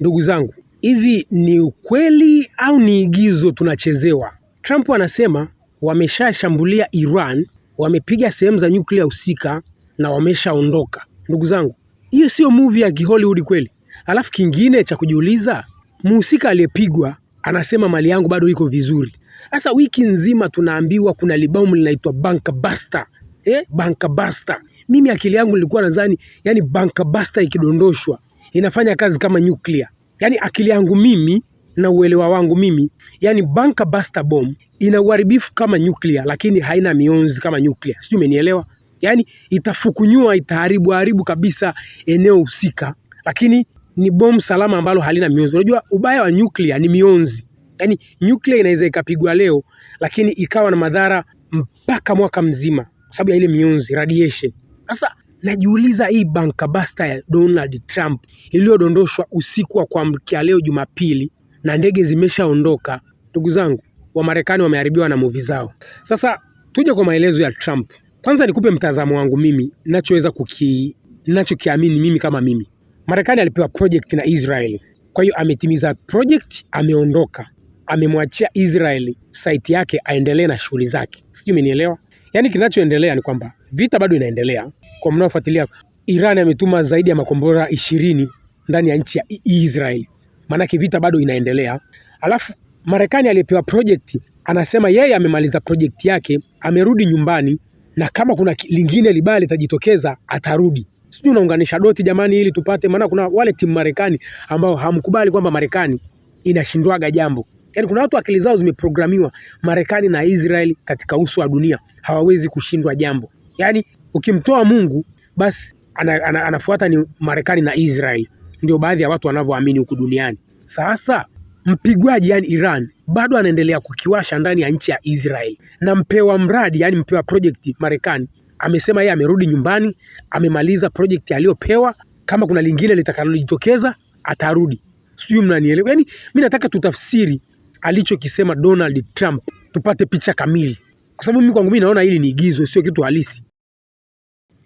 Ndugu zangu, hivi ni ukweli au ni igizo tunachezewa? Trump anasema wameshashambulia Iran, wamepiga sehemu za nyuklia husika na wameshaondoka. Ndugu zangu, hiyo sio movie ya Hollywood kweli? Alafu kingine cha kujiuliza, mhusika aliyepigwa anasema mali yangu bado iko vizuri. Sasa wiki nzima tunaambiwa kuna libamu linaitwa buster. Eh, buster. Mimi akili yangu nilikuwa nadhani yani buster ikidondoshwa inafanya kazi kama nuclear. Yaani akili yangu mimi na uelewa wangu mimi, yani bunker buster bomb ina uharibifu kama nuclear, lakini haina mionzi kama nuclear. Sijui umenielewa? Yaani itafukunyua, itaharibu haribu kabisa eneo husika, lakini ni bomu salama ambalo halina mionzi. Unajua ubaya wa nuclear ni mionzi, yaani nuclear inaweza ikapigwa leo, lakini ikawa na madhara mpaka mwaka mzima, kwa sababu ya ile mionzi radiation. Sasa Najiuliza hii bankabasta ya Donald Trump iliyodondoshwa usiku wa kuamkia leo Jumapili na ndege zimeshaondoka. Ndugu zangu, Wamarekani wameharibiwa na movie zao. Sasa tuje kwa maelezo ya Trump. Kwanza nikupe mtazamo wangu mimi, nachoweza kuki nachokiamini mimi kama mimi. Marekani alipewa project na Israeli, kwa hiyo ametimiza project, ameondoka, amemwachia Israeli site yake aendelee na shughuli zake. Sijui umenielewa? Yaani kinachoendelea ni kwamba vita bado inaendelea kwa mnaofuatilia, Iran ametuma zaidi ya makombora ishirini ndani ya nchi ya Israel, maanake vita bado inaendelea. Alafu Marekani aliyepewa project anasema yeye amemaliza project yake, amerudi nyumbani, na kama kuna lingine libaya litajitokeza atarudi. Sijui unaunganisha doti jamani, ili tupate, maana kuna wale timu Marekani ambao hamkubali kwamba Marekani inashindwaga jambo. Yaani kuna watu akili zao zimeprogramiwa, Marekani na Israel katika uso wa dunia hawawezi kushindwa jambo yaani Ukimtoa Mungu basi ana, ana, anafuata ni Marekani na Israel, ndio baadhi ya watu wanavyoamini huku duniani. Sasa mpigwaji yani Iran bado anaendelea kukiwasha ndani ya nchi ya Israeli na mpewa mradi yani mpewa project Marekani amesema yeye amerudi nyumbani, amemaliza project aliyopewa. Kama kuna lingine litakalojitokeza atarudi. Sijui mnanielewa? Yani mi nataka tutafsiri alichokisema Donald Trump tupate picha kamili, kwa sababu mimi kwangu mimi naona hili ni igizo, sio kitu halisi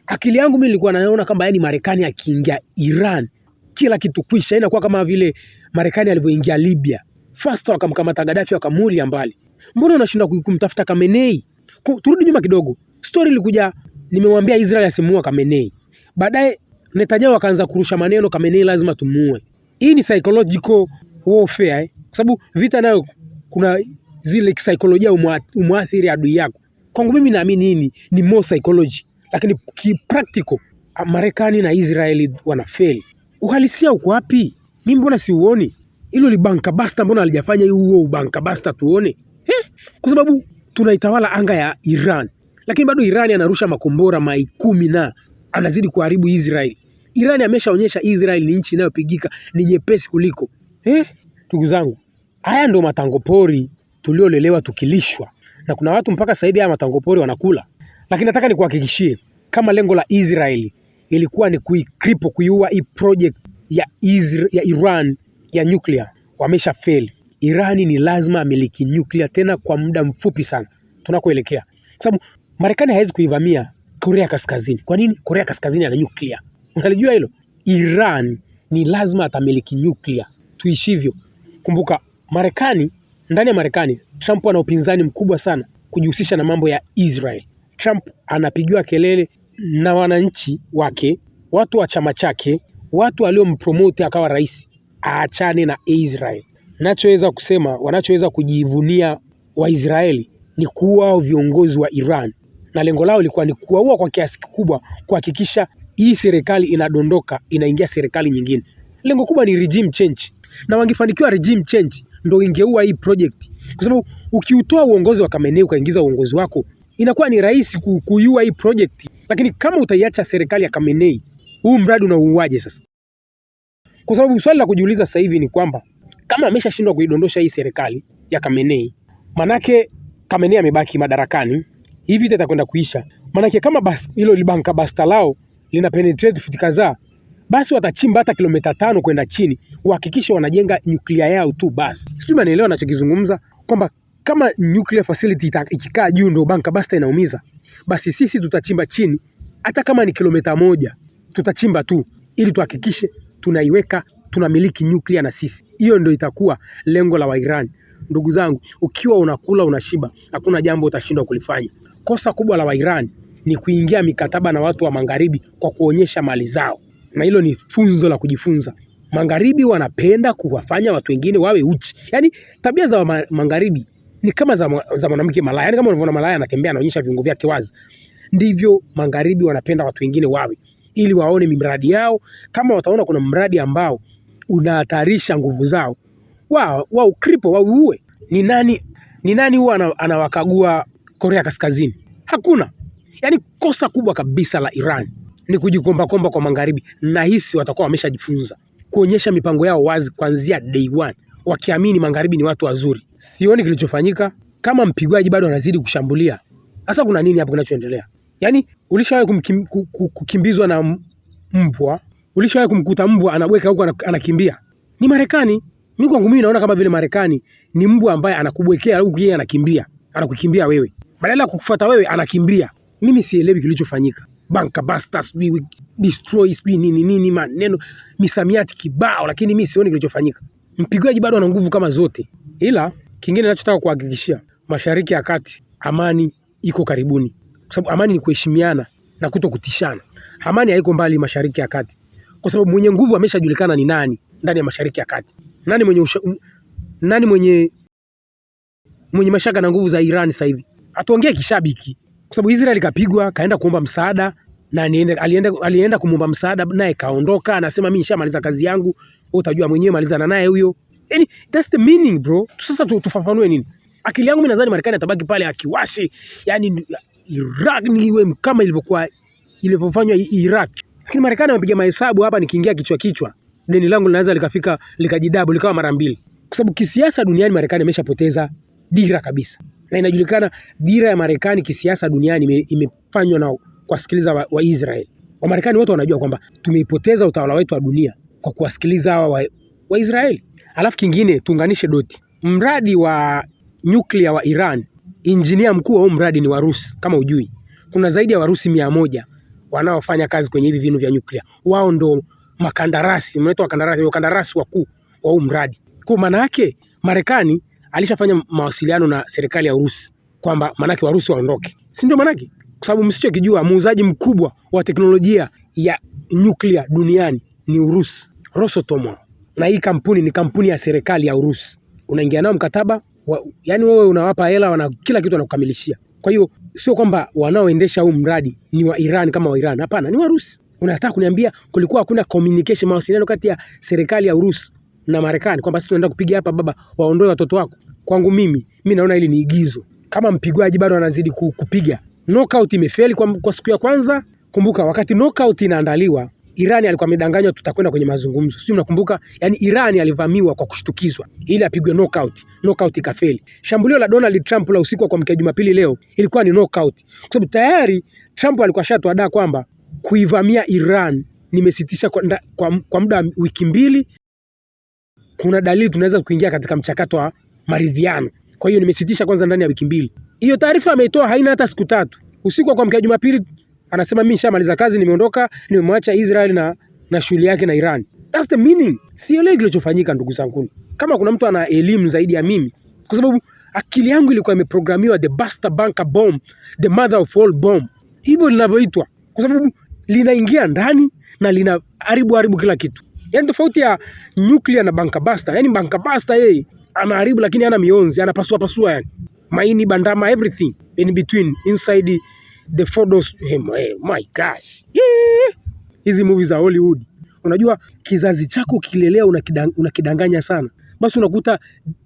akili yangu mimi nilikuwa naona kama yani Marekani akiingia Iran kila kitu kwisha, inakuwa kama vile Marekani alivyoingia Libya First wakamkamata Gaddafi wakamulia mbali. Mbona unashinda kumtafuta Kamenei? Turudi nyuma kidogo, story ilikuja, nimemwambia Israel asimuue Kamenei. baadaye Netanyahu akaanza kurusha maneno Kamenei lazima tumuue. Hii ni psychological warfare eh? Kwa sababu vita nayo kuna zile kisaikolojia umwathiri adui yako. Kwangu mimi naamini hii ni more psychology lakini kipractical ah, Marekani na Israeli wanafeli. Uhalisia uko wapi? Mi mbona siuoni? Hilo basta, mbona alijafanya huo basta tuone eh? Kwa sababu tunaitawala anga ya Iran, lakini bado Iran anarusha makombora mai kumi na anazidi kuharibu Israel. Iran ameshaonyesha Israel ni nchi inayopigika, ni nyepesi kuliko eh. Ndugu zangu, haya ndio matango pori tuliolelewa tukilishwa, na kuna watu mpaka sasa hivi haya matango pori wanakula. Lakini nataka nikuhakikishie kama lengo la Israeli ilikuwa ni kuikripo kuiua hii project ya, Israel, ya Iran ya nyuklia wamesha feli. Irani ni lazima amiliki nyuklia tena kwa muda mfupi sana tunakoelekea, kwa sababu Marekani hawezi kuivamia Korea Kaskazini. Kwa nini? Korea Kaskazini ana nyuklia, unalijua hilo. Iran ni lazima atamiliki nyuklia, tuishivyo. Kumbuka Marekani, ndani ya Marekani Trump ana upinzani mkubwa sana kujihusisha na mambo ya Israel. Trump anapigiwa kelele na wananchi wake, watu wa chama chake, watu waliompromote akawa rais, aachane na Israel. Nachoweza kusema wanachoweza kujivunia Waisraeli ni kuua viongozi wa Iran, na lengo lao lilikuwa ni kuwaua kwa kiasi kikubwa, kuhakikisha hii serikali inadondoka, inaingia serikali nyingine. Lengo kubwa ni regime change, na wangefanikiwa regime change ndo ingeua hii project, kwa sababu ukiutoa uongozi wa Kamenei ukaingiza uongozi wako inakuwa ni rahisi kuyua hii project, lakini kama utaiacha serikali ya Kamenei, huu mradi unauaje sasa? Kwa sababu swali la kujiuliza sasa hivi ni kwamba kama ameshashindwa kuidondosha hii serikali ya Kamenei, manake Kamenei amebaki madarakani, hii vita itakwenda kuisha. Manake kama bas, hilo libanka basta lao lina penetrate fiti kadhaa, basi watachimba hata kilomita tano kwenda chini, uhakikishe wanajenga nyuklia yao tu basi. Sijui manielewa anachokizungumza kwamba kama nuclear facility ikikaa juu ndio banka, basta inaumiza. Basi sisi tutachimba chini, hata kama ni kilomita moja tutachimba tu, ili tuhakikishe tunaiweka tunamiliki nuclear na sisi. Hiyo ndo itakuwa lengo la wairan Ndugu zangu, ukiwa unakula unashiba, hakuna jambo utashindwa kulifanya. Kosa kubwa la wairan ni kuingia mikataba na watu wa magharibi kwa kuonyesha mali zao, na hilo ni funzo la kujifunza. Magharibi wanapenda kuwafanya watu wengine wawe uchi, yaani tabia za magharibi ni kama za mwanamke malaya, yani kama unavyoona malaya anatembea anaonyesha viungo vyake wazi, ndivyo magharibi wanapenda watu wengine wawe, ili waone miradi yao. Kama wataona kuna mradi ambao unahatarisha nguvu zao wao, ukripo wa uue. Ni nani ni nani huwa anawakagua Korea Kaskazini? Hakuna. Yaani kosa kubwa kabisa la Iran ni kujikombakomba kwa magharibi. Nahisi watakuwa wameshajifunza kuonyesha mipango yao wazi kuanzia day one, wakiamini magharibi ni watu wazuri sioni kilichofanyika. Kama mpigwaji bado anazidi kushambulia, hasa kuna nini hapo kinachoendelea? Yaani ulishawahi kukimbizwa na mbwa? Ulishawahi kumkuta mbwa anabweka huko anakimbia? Ni Marekani. Mimi kwangu mimi naona kama vile Marekani ni mbwa ambaye anakubwekea huku, yeye anakimbia, anakukimbia wewe, badala ya kukufuata wewe anakimbia. Mimi sielewi kilichofanyika. Banka basta sijui destroy sijui nini nini, maneno misamiati kibao, lakini mimi sioni kilichofanyika. Mpigaji bado ana nguvu kama zote, ila Kingine ninachotaka kuhakikishia Mashariki ya Kati, amani iko karibuni, kwa sababu amani ni kuheshimiana na kuto kutishana. Amani haiko mbali Mashariki ya Kati, kwa sababu mwenye nguvu ameshajulikana ni nani ndani ya Mashariki ya Kati, nani mwenye usha, nani mwenye mwenye mashaka na nguvu za Iran sasa hivi. Hatuongee kishabiki, kwa sababu Israel kapigwa, kaenda kuomba msaada na alienda, alienda, alienda kumwomba msaada naye kaondoka, anasema mimi nishamaliza kazi yangu, wewe utajua mwenyewe, malizana naye huyo. Yaani that's the meaning bro. Sasa tu, tufafanue nini? Akili yangu mimi nadhani Marekani atabaki pale akiwashi, yaani Iraq ni iwe kama ilivyokuwa ilivyofanywa Iraq. Lakini Marekani amepiga mahesabu hapa, nikiingia kichwa kichwa, deni langu linaweza likafika likajidabu likawa mara mbili, kwa sababu kisiasa duniani Marekani ameshapoteza dira kabisa, na inajulikana dira ya Marekani kisiasa duniani imefanywa na kuwasikiliza wa, wa Israel. Wamarekani wote wanajua kwamba tumeipoteza utawala wetu wa dunia kwa kuwasikiliza hawa wa, wa Israeli. Alafu kingine tuunganishe doti, mradi wa nyuklia wa Iran, injinia mkuu wa huu mradi ni Warusi. Kama ujui, kuna zaidi ya Warusi mia moja wanaofanya kazi kwenye hivi vinu vya nyuklia. Wao ndo makandarasi, mnaitwa makandarasi, wakandarasi wakuu wa huu mradi. Kwa maana yake Marekani alishafanya mawasiliano na serikali ya Urusi kwamba manake Warusi waondoke, si ndio? manake kwa sababu msichokijua, muuzaji mkubwa wa teknolojia ya nyuklia duniani ni Urusi, Rosatom na hii kampuni ni kampuni ya serikali ya Urusi. Unaingia nao mkataba wa, yani wewe unawapa hela wana kila kitu wanakukamilishia. Kwa hiyo sio kwamba wanaoendesha huu mradi ni wa Iran kama wa Iran, hapana, ni Warusi. Unataka kuniambia kulikuwa hakuna communication, mawasiliano kati ya serikali ya Urusi na Marekani kwamba sisi tunaenda kupiga hapa baba, waondoe watoto wako? Kwangu mimi, mimi naona hili ni igizo. Kama mpigwaji bado anazidi kupiga. Knockout imefeli kwa, kwa siku ya kwanza. Kumbuka wakati knockout inaandaliwa Iran alikuwa amedanganywa tutakwenda kwenye mazungumzo, sijui mnakumbuka. Yani Iran alivamiwa kwa kushtukizwa ili apigwe knockout, knockout ikafeli. Shambulio la Donald Trump la usiku wa mkia Jumapili leo ilikuwa ni knockout, kwa sababu tayari Trump alikuwa ashatuada kwamba kuivamia Iran nimesitisha kwa, kwa, kwa muda wa wiki mbili, kuna dalili tunaweza kuingia katika mchakato wa maridhiano, kwa hiyo nimesitisha kwanza ndani ya wiki mbili. Hiyo taarifa ameitoa haina hata siku tatu, usiku kwa mkia Jumapili anasema mimi nishamaliza kazi, nimeondoka, nimemwacha Israel na na shughuli yake na Iran. That's the meaning. Sielewi kilichofanyika ndugu zangu. Kama kuna mtu ana elimu zaidi ya mimi, kwa sababu akili yangu ilikuwa imeprogramiwa the Buster Banker bomb, the mother of all bomb, hivyo linavyoitwa, kwa sababu linaingia ndani na lina haribu haribu kila kitu. Yaani tofauti ya nuclear na banker buster, yaani banker buster yeye anaharibu, lakini hana mionzi, anapasua pasua, yani maini bandama, everything in between inside the photos to him. Hey, eh, my gosh. Eh, hizi movie za Hollywood. Unajua kizazi chako ukilelea unakidanganya sana, basi unakuta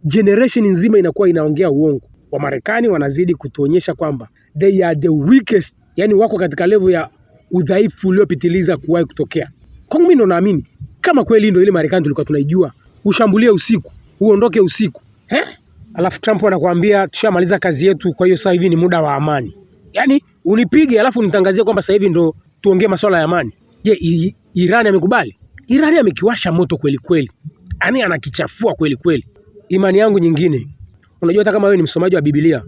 generation nzima inakuwa inaongea uongo. Wamarekani wanazidi kutuonyesha kwamba they are the weakest, yani wako katika level ya udhaifu uliopitiliza kuwahi kutokea. Kwangu mimi ndo naamini kama kweli ndo ile Marekani tulikuwa tunaijua, ushambulie usiku, uondoke usiku he? Eh? Alafu Trump anakuambia tushamaliza kazi yetu, kwa hiyo sasa hivi ni muda wa amani. Yani unipige alafu nitangazie kwamba sasa hivi ndo tuongee masuala ya amani. Je, Irani amekubali? Irani amekiwasha moto kweli kweli, yaani anakichafua kweli kweli. Imani yangu nyingine, unajua hata kama wewe ni msomaji wa Biblia,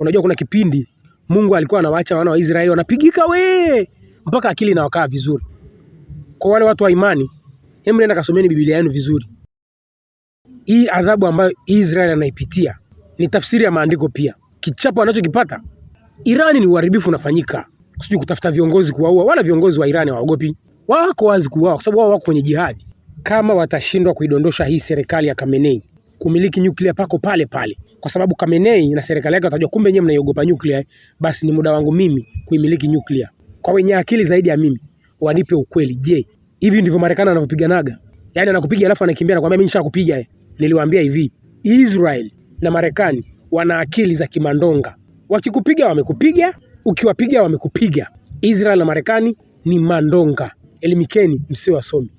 unajua kuna kipindi Mungu alikuwa anawaacha wana wa Israeli wanapigika we mpaka akili inawakaa vizuri. Kwa wale watu wa imani, hebu nenda kasomeni Biblia yenu vizuri. Hii adhabu ambayo Israeli anaipitia ni tafsiri ya maandiko pia, kichapo anachokipata Irani ni uharibifu unafanyika, sijui kutafuta viongozi kuwaua, wala viongozi wa Irani hawaogopi, wako wazi kuuawa, kwa sababu wao wako kwenye jihadi. Kama watashindwa kuidondosha hii serikali ya Kamenei kumiliki nyuklia pako pale pale, kwa sababu Kamenei na serikali yake watajua, kumbe nyewe mnaiogopa nyuklia, eh? basi ni muda wangu mimi kuimiliki nyuklia. Kwa wenye akili zaidi ya mimi wanipe ukweli. Je, hivi ndivyo Marekani anavyopiganaga? Yaani anakupiga alafu anakimbia, anakwambia mimi nishakupiga. Eh? Niliwaambia hivi, Israel na Marekani wana akili za kimandonga wakikupiga wamekupiga, ukiwapiga wamekupiga. Israel na Marekani ni mandonga. Elimikeni msio wasomi.